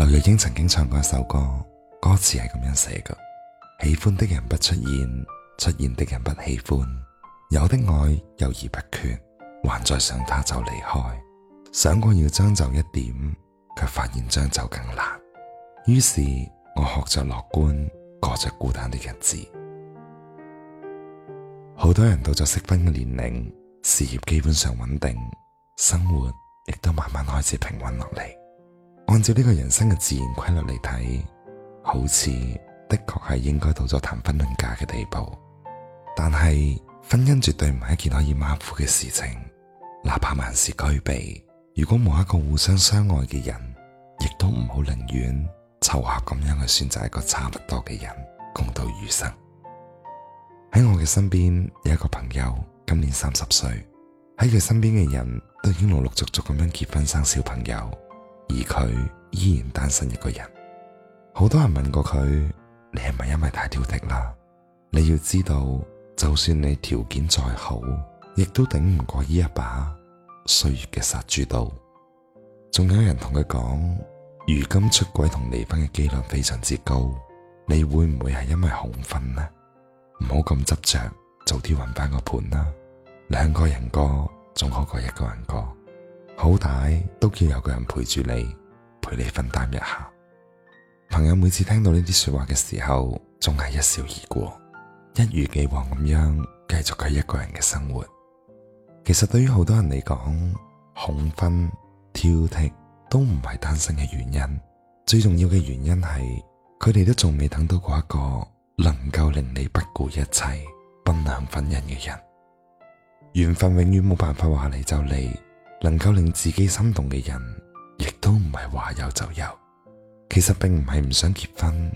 劉若英曾經唱過一首歌，歌詞係咁樣寫嘅：喜歡的人不出現，出現的人不喜歡，有的愛猶豫不決，還在想他就離開，想過要將就一點，卻發現將就更難。於是我學着樂觀，過着孤單的日子。好多人到咗適婚嘅年齡，事業基本上穩定，生活亦都慢慢開始平穩落嚟。按照呢個人生嘅自然規律嚟睇好似的確係應該到咗談婚論嫁嘅地步。但係婚姻絕對唔係一件可以馬虎嘅事情，哪怕萬事俱備，如果冇一個互相相愛嘅人，亦都唔好寧願湊合咁樣去選擇一個差唔多嘅人共度餘生。喺我嘅身邊有一個朋友，今年三十歲，喺佢身邊嘅人都已經陸陸續續咁樣結婚生小朋友。而佢依然單身一個人，好多人問過佢：你係咪因為太挑剔啦？你要知道，就算你條件再好，亦都頂唔過依一把歲月嘅殺豬刀。仲有人同佢講：如今出軌同離婚嘅機率非常之高，你會唔會係因為恐婚呢？唔好咁執着，早啲揾翻個伴啦，兩個人過仲好過一個人過。好歹都叫有個人陪住你，陪你分擔一下。朋友每次聽到呢啲說話嘅時候，仲係一笑而過，一如既往咁樣繼續佢一個人嘅生活。其實對於好多人嚟講，恐婚、挑剔都唔係單身嘅原因，最重要嘅原因係佢哋都仲未等到過一個能夠令你不顧一切奔向婚姻嘅人。緣分永遠冇辦法話嚟就嚟。能夠令自己心動嘅人，亦都唔係話有就有。其實並唔係唔想結婚，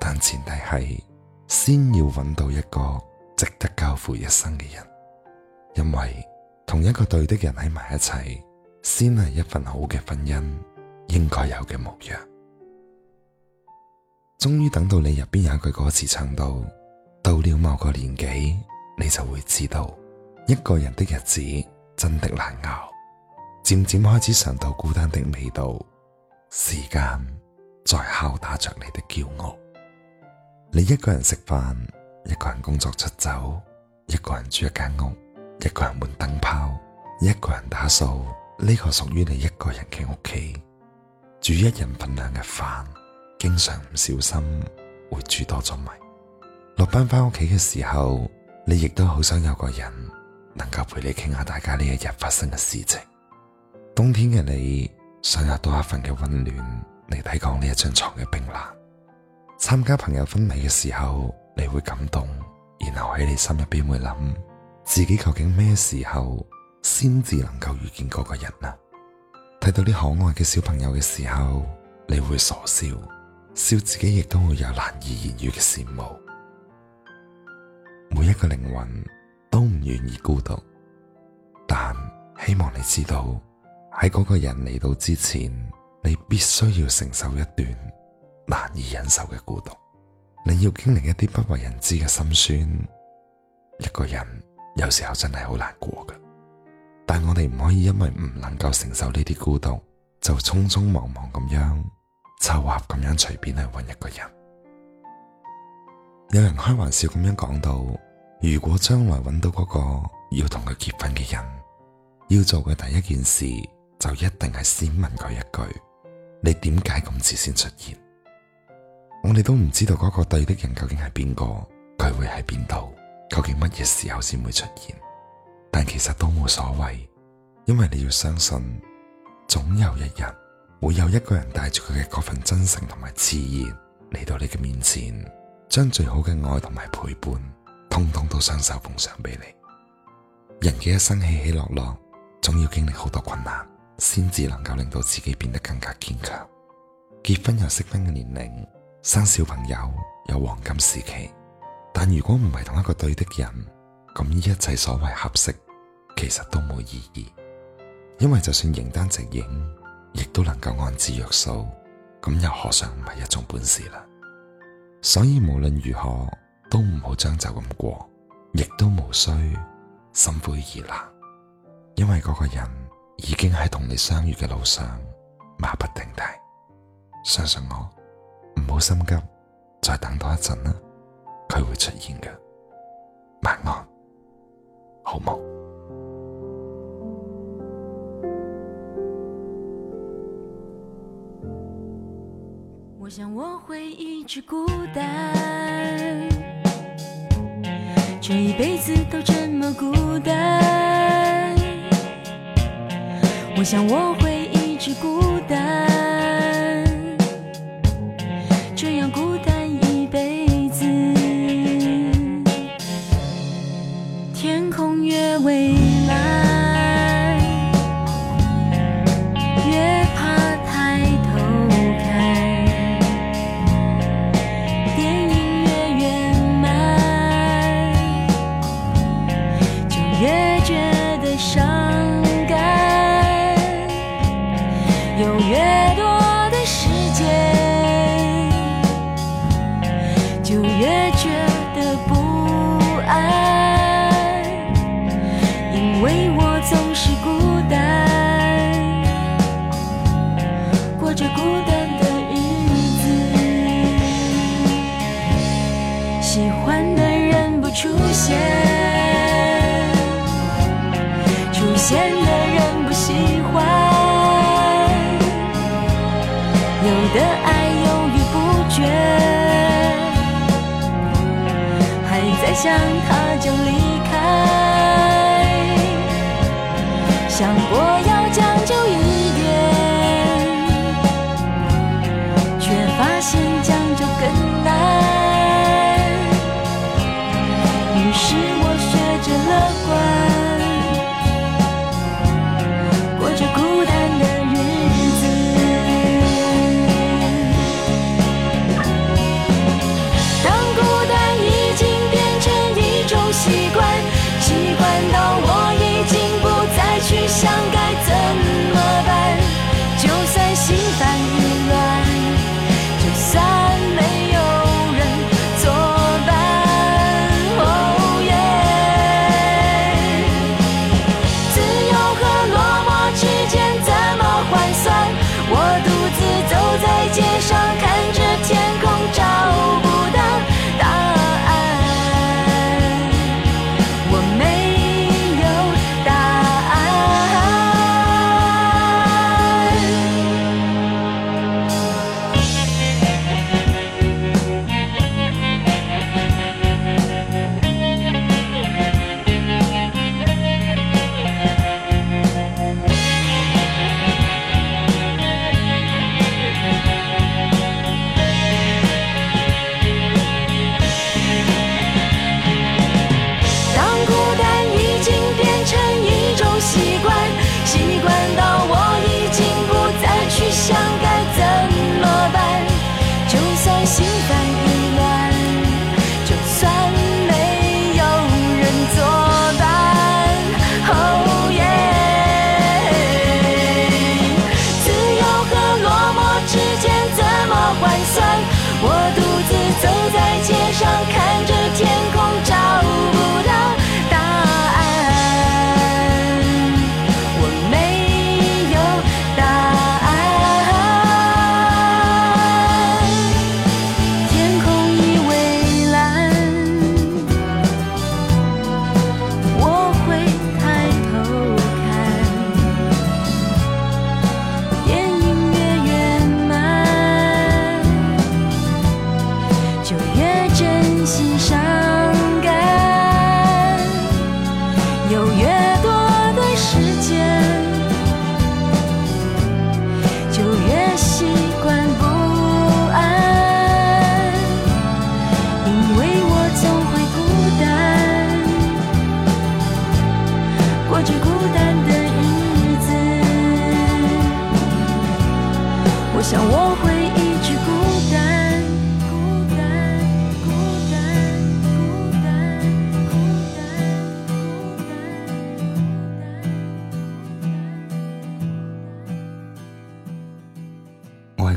但前提係先要揾到一個值得交付一生嘅人。因為同一個對的人喺埋一齊，先係一份好嘅婚姻應該有嘅模樣。終於等到你入邊有一句歌詞唱到：到了某個年紀，你就會知道，一個人的日子真的難熬。漸漸開始嘗到孤單的味道，時間在敲打着你的驕傲。你一個人食飯，一個人工作出走，一個人住一間屋，一個人換燈泡，一個人打掃。呢個屬於你一個人嘅屋企，煮一人份量嘅飯，經常唔小心會煮多咗米。落班翻屋企嘅時候，你亦都好想有個人能夠陪你傾下大家呢一日發生嘅事情。冬天嘅你，想有多一份嘅溫暖嚟抵抗呢一張床嘅冰冷。參加朋友婚禮嘅時候，你會感動，然後喺你心入邊會諗，自己究竟咩時候先至能夠遇見嗰個人啊？睇到啲可愛嘅小朋友嘅時候，你會傻笑，笑自己亦都會有難以言喻嘅羨慕。每一個靈魂都唔願意孤獨，但希望你知道。喺嗰個人嚟到之前，你必須要承受一段難以忍受嘅孤獨，你要經歷一啲不為人知嘅心酸。一個人有時候真係好難過噶，但我哋唔可以因為唔能夠承受呢啲孤獨，就匆匆忙忙咁樣湊合咁樣隨便去揾一個人。有人開玩笑咁樣講到：如果將來揾到嗰個要同佢結婚嘅人，要做嘅第一件事。就一定係先問佢一句：你點解咁遲先出現？我哋都唔知道嗰個對的人究竟係邊個，佢會喺邊度，究竟乜嘢時候先會出現？但其實都冇所謂，因為你要相信，總有一日會有一個人帶住佢嘅嗰份真誠同埋自然嚟到你嘅面前，將最好嘅愛同埋陪伴，通通都雙手奉上俾你。人嘅一生起起落落，總要經歷好多困難。先至能夠令到自己變得更加堅強。結婚有適婚嘅年齡，生小朋友有黃金時期。但如果唔係同一個對的人，咁呢一切所謂合適，其實都冇意義。因為就算形單隻影，亦都能夠安之若素，咁又何嘗唔係一種本事啦？所以無論如何都唔好將就咁過，亦都無需心灰意冷，因為嗰個人，已經喺同你相遇嘅路上馬不停蹄。相信我，唔好心急，再等多一陣啦，佢會出現嘅，晚安，好冇？我想我會一直孤單，這一輩子都這麼孤單我想我會一直孤獨。喜歡的人不出現，出現的人不喜歡，有的愛猶豫不決，還在想他就離開，像我。